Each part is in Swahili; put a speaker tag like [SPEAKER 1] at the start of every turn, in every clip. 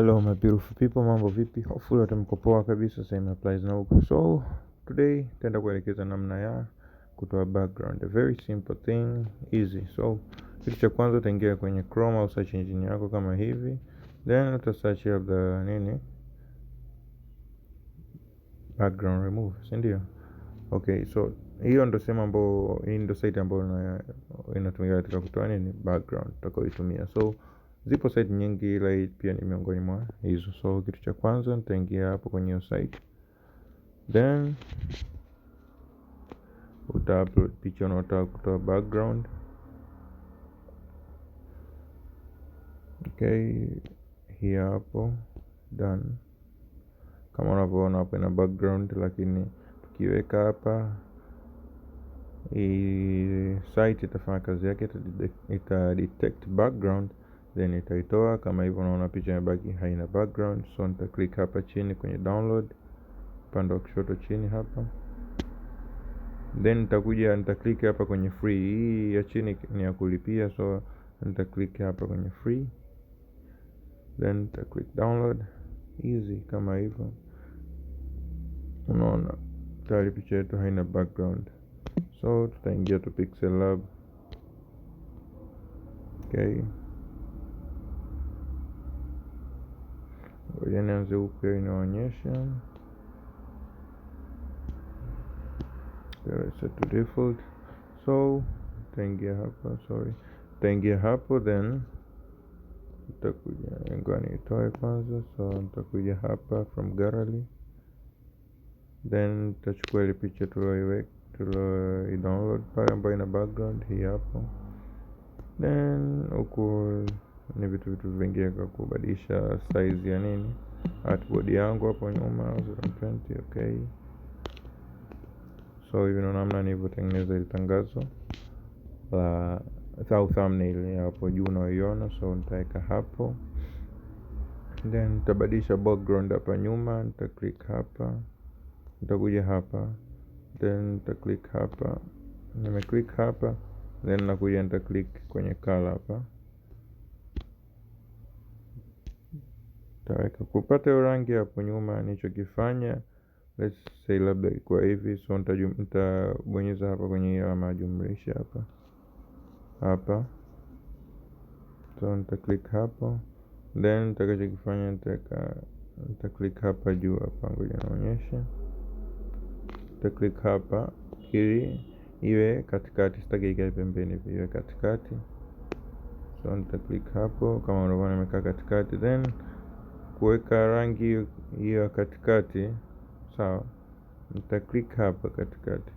[SPEAKER 1] Hello my beautiful people, mambo vipi? Hopefully wote mko poa kabisa, same applies na huko. So today tutaenda kuelekeza namna ya kutoa background, a very simple thing, easy. So kitu cha kwanza utaingia kwenye Chrome au search engine yako kama hivi, then uta search of the nini, background remove, si ndio? Okay, so hiyo ndo sehemu ambayo, hii ndo site ambayo inatumika katika kutoa nini, background tutakayoitumia so Zipo site nyingi ila hii pia ni miongoni mwa hizo. So kitu cha kwanza nitaingia hapo kwenye hiyo site, then uta upload picha unaotaka kutoa background. Okay, hii hapo done. Kama unavyoona hapo ina background, lakini tukiweka hapa hii site itafanya kazi yake, ita detect background then itaitoa kama hivyo unaona picha imebaki haina background so nita click hapa chini kwenye download upande wa kushoto chini hapa then nitakuja nita click hapa kwenye free hii ya chini ni ya kulipia so nita click hapa kwenye free then nita click download easy kama hivyo unaona tayari picha yetu haina background so tutaingia tu pixel lab okay Ngoja nianze upya inaonyesha set to default so taingia hapa sorry utaingia hapo then utakuja ngani itoe kwanza so nitakuja hapa from gallery then tutachukua ile picha tulioiweka download pale ambayo ina background hii hapo then huku ni vitu vitu vingine vya kubadilisha size ya nini artboard yangu hapo nyuma 020 okay so hivi ndo namna nilivyotengeneza ile tangazo la au thumbnail hapo juu unaoiona so nitaweka hapo then nitabadilisha background hapa nyuma nita click hapa nitakuja hapa then nita click hapa nime click hapa then nakuja nita click kwenye color hapa nitaweka kupata hiyo rangi hapo nyuma nilichokifanya let's say labda kwa hivi so nitabonyeza hapa kwenye hiyo alama ya jumlisha hapa hapa so nita click hapo then nitakachokifanya nitaka nita click hapa juu hapa ngoja naonyesha nita click hapa ili iwe katikati sitaki ikae pembeni iwe katikati so nita click hapo kama unavyoona imekaa katikati then kuweka rangi hiyo katikati sawa nita click hapa katikati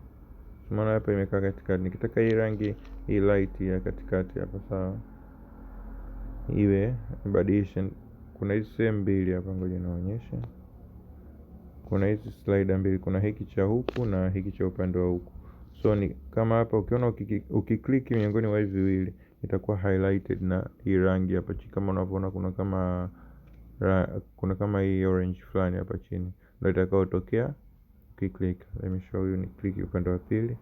[SPEAKER 1] maana hapa imekaa katikati nikitaka hii rangi hii light ya katikati hapa sawa iwe badilisha kuna hizi sehemu mbili hapa ngoja naonyesha kuna hizi slider mbili kuna hiki cha huku na hiki cha upande wa huku so ni kama hapa ukiona ukikliki miongoni mwa hivi viwili itakuwa highlighted na hii rangi hapa chini kama unavyoona kuna kama kuna kama hii orange fulani hapa chini ndo itakayotokea ukiklik. Let me show you, ni click upande wa pili.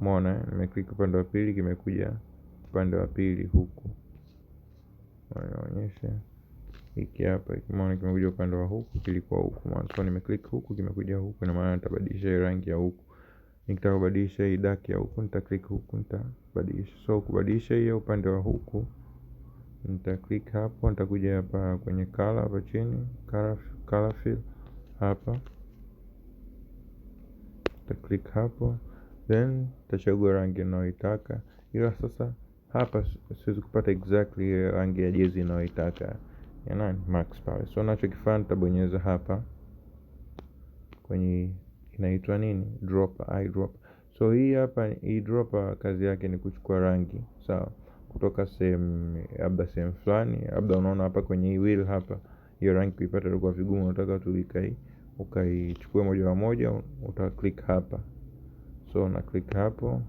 [SPEAKER 1] Umeona, nimeclick upande wa pili, kimekuja upande wa pili huku, naonyesha hiki hapa, umeona kimekuja upande wa huku, kilikuwa huku mwanzo. So huku, kimekuja huku, na maana nitabadilisha rangi ya huku. Nikitaka kubadilisha hii dark ya huku, nita click huku, nitabadilisha. So kubadilisha hiyo upande wa huku Nitaklik hapo, nitakuja hapa kwenye color hapa chini, color fill hapa, click hapo, then tachagua rangi ninayoitaka, ila sasa hapa siwezi kupata exactly ile rangi ya jezi ninayoitaka ya nani, Max pale. So nachokifanya nitabonyeza hapa kwenye inaitwa nini, dropper, drop. So hii hapa, hii dropper kazi yake ni kuchukua rangi, sawa kutoka sehemu labda sehemu fulani labda unaona hapa kwenye hii wheel hapa hiyo rangi kuipata ilikuwa vigumu unataka tu ikai ukaichukue moja kwa moja uta click hapa so na click hapo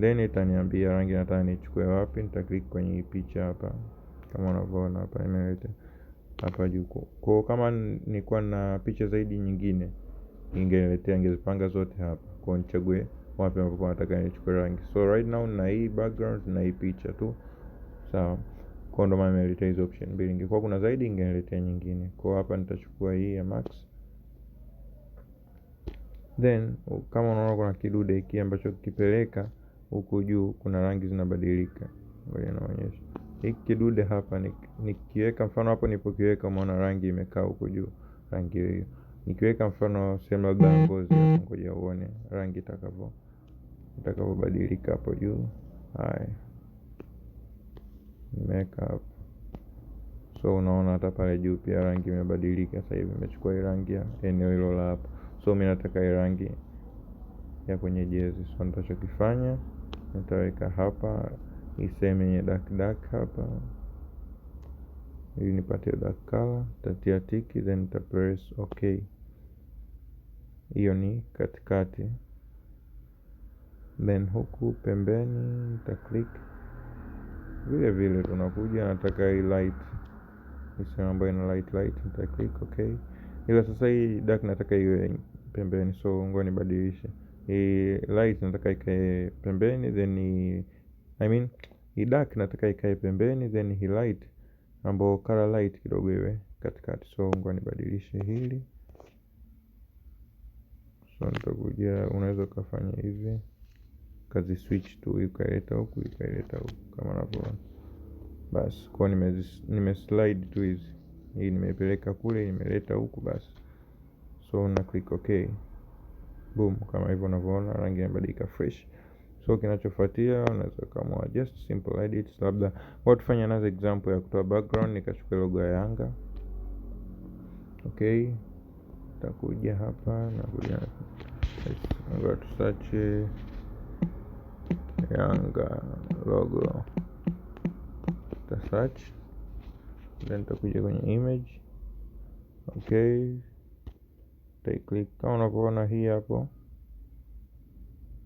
[SPEAKER 1] then itaniambia rangi nataka nichukue wapi nita click kwenye hii picha hapa kama unavyoona hapa imeleta hapa juu kwa kama nilikuwa na picha zaidi nyingine ingeniletea ingezipanga zote hapa kwa nichague wapi ambapo nataka nichukue rangi so right now na hii background na hii picha tu sawa kwa ndo maana nimeleta hizo option mbili ingekuwa kuna zaidi ingeniletea nyingine kwa hapa nitachukua hii ya max then kama unaona kuna kidude hiki ambacho kipeleka huku juu kuna rangi zinabadilika ngoja naonyesha hiki kidude hapa nikiweka ni mfano hapo nipokiweka umeona rangi imekaa huko juu rangi hiyo nikiweka mfano sehemu labda ngozi ngoja uone rangi itakavyo utakapobadilika hapo juu. Haya, nimeweka hapo, so unaona hata pale juu pia rangi imebadilika. Sasa hivi imechukua hii rangi ya eneo hilo la hapo, so mimi nataka hii rangi ya kwenye jezi. So nitachokifanya nitaweka hapa iseme yenye dark dark hapa, ili nipate dark color, Tatia tiki then nita press ok. Hiyo ni katikati. Then huku pembeni click vile vile, tunakuja nataka hii light isema ambayo ina light light, click okay, ila sasa hii dark nataka iwe pembeni, so ngoja nibadilishe hii light, nataka ikae pembeni then hii, I mean hii dark nataka ikae pembeni then hii light ambayo color light kidogo iwe katikati, so ngoja nibadilishe hili. So nitakuja, unaweza ukafanya hivi ukazi switch tu ukaileta huku ukaileta huku kama unavyoona. bas kwa nime slide tu hizi, hii nimepeleka kule, nimeleta huku basi. So una click okay, boom, kama hivyo unavyoona rangi inabadilika fresh. So kinachofuatia unaweza kama just simple edit labda kwa tufanye another example ya kutoa background, nikachukua logo ya Yanga okay, takuja hapa na kuja ngoja tusache Yanga logo ta search then takuja kwenye image okay, taiklik kama unavyoona hii hapo.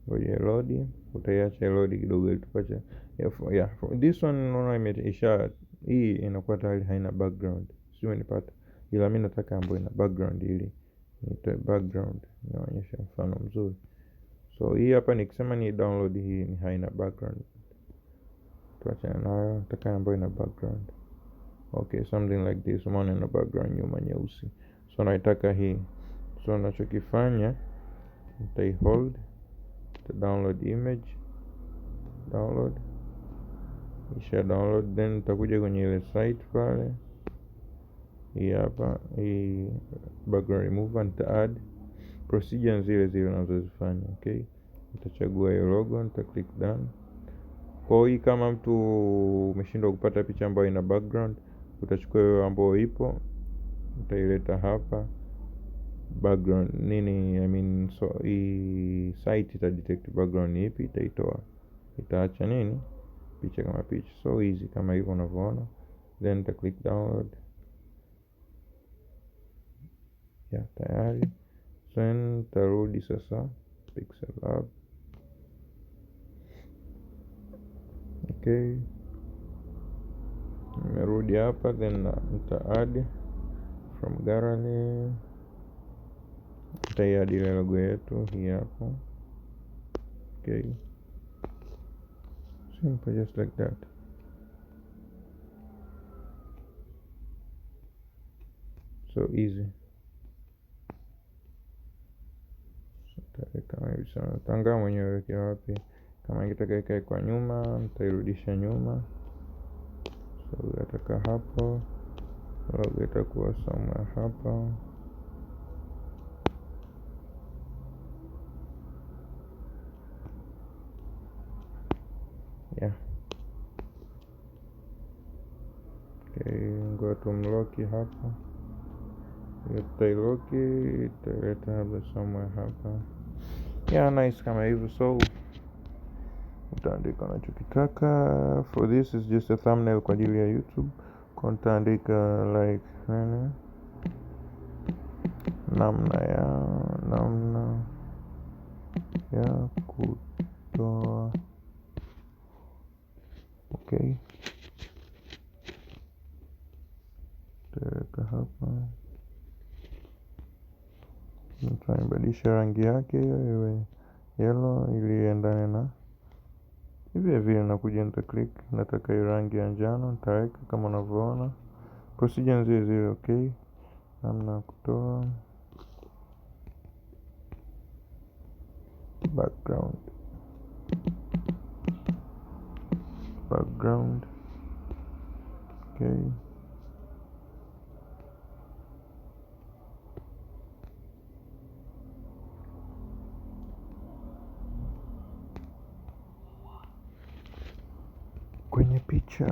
[SPEAKER 1] Ngoja load, utaiacha load kidogo tupate yeah, this one naona imeisha. Hii inakuwa tayari haina background, sio nipata, ila mimi nataka ambayo ina background ili nitoe background, nionyeshe mfano mzuri so hii hapa nikisema ni download hii ni haina background tuachana nayo nataka ambayo ina background okay something like this umeona ina background nyuma nyeusi so naitaka hii so nachokifanya nitai hold nita download image download isha download then nitakuja kwenye ile site pale hii hapa hii background remover nita add procedure ni zile zile unazozifanya okay. Nitachagua hiyo logo, nita click done. Kwa hii kama mtu umeshindwa kupata picha ambayo ina background, utachukua hiyo ambayo ipo, utaileta hapa background nini, I mean so, hii site ita detect background ni ipi, itaitoa itaacha nini picha kama picha, so easy kama hivyo unavyoona, then nita click download. ya tayari send taruh di sasa pixel art oke okay. di apa then kita add from garage. kita ya di logo yetu kok oke okay simple just like that so easy kabisa. Utaangaa mwenyewe uweke wapi. Kama ikitaka ikae kwa nyuma, nitairudisha nyuma. So unataka hapo, labda itakuwa somewhere hapa. Yeah. Okay, ngoja tumloki hapa. Tutailoki, italeta labda somewhere hapa yeah nice kama hivyo so utaandika unachokitaka for this is just a thumbnail kwa ajili ya youtube utaandika like nini namna ya namna ya kutoa okay Nibadilishe rangi yake iwe yellow ili iendane na hivyo vile nakuja click nataka hiyo rangi ya njano nitaweka kama unavyoona procedure zile zile okay namna ya kutoa background background okay Penguin picture.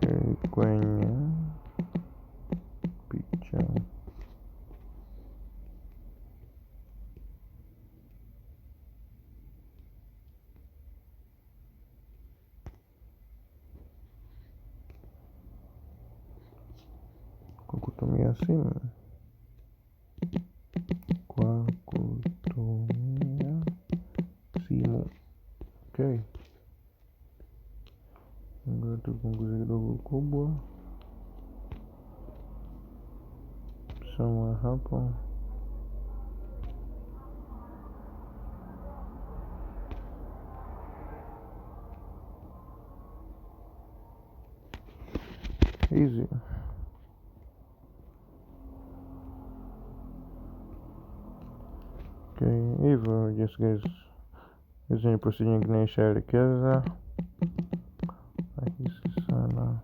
[SPEAKER 1] Penguin picture. Какой-то у меня hizi okay, hivyo yes guys, hizi ni procedure nyingine ishaelekeza rahisi sana.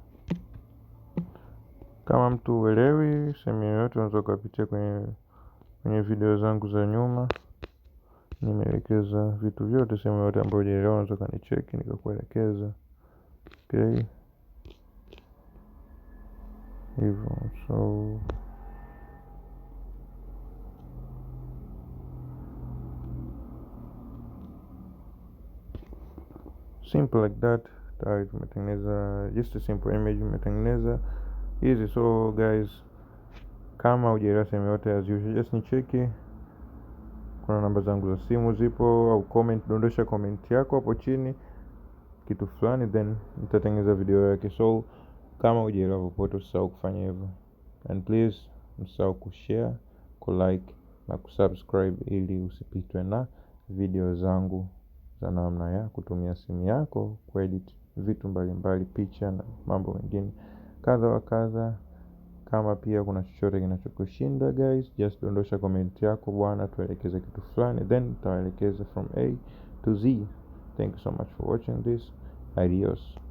[SPEAKER 1] Kama mtu uelewi sehemu yoyote, unaweza ukapitia kwenye kwenye video zangu za nyuma, nimeelekeza vitu vyote. Sehemu yoyote ambayo ujaelewa, unaweza ukanicheki nikakuelekeza. Okay hivyo so simple like that tayari tumetengeneza just a simple image umetengeneza hizi so guys kama hujaelewa sehemu yote as usual just nicheki kuna namba zangu za simu zipo au comment dondosha comment yako hapo chini kitu fulani then nitatengeneza video yake so kama ujaelewa popote usisahau kufanya hivyo. And please msisahau kushare, kulike na kusubscribe ili usipitwe na video zangu za namna ya kutumia simu yako kuedit vitu mbalimbali, picha na mambo mengine kadha wa kadha. Kama pia kuna chochote kinachokushinda guys, just dondosha comment yako bwana, tuelekeze kitu fulani, then nitawaelekeza from A to Z. Thank you so much for watching this. Adios.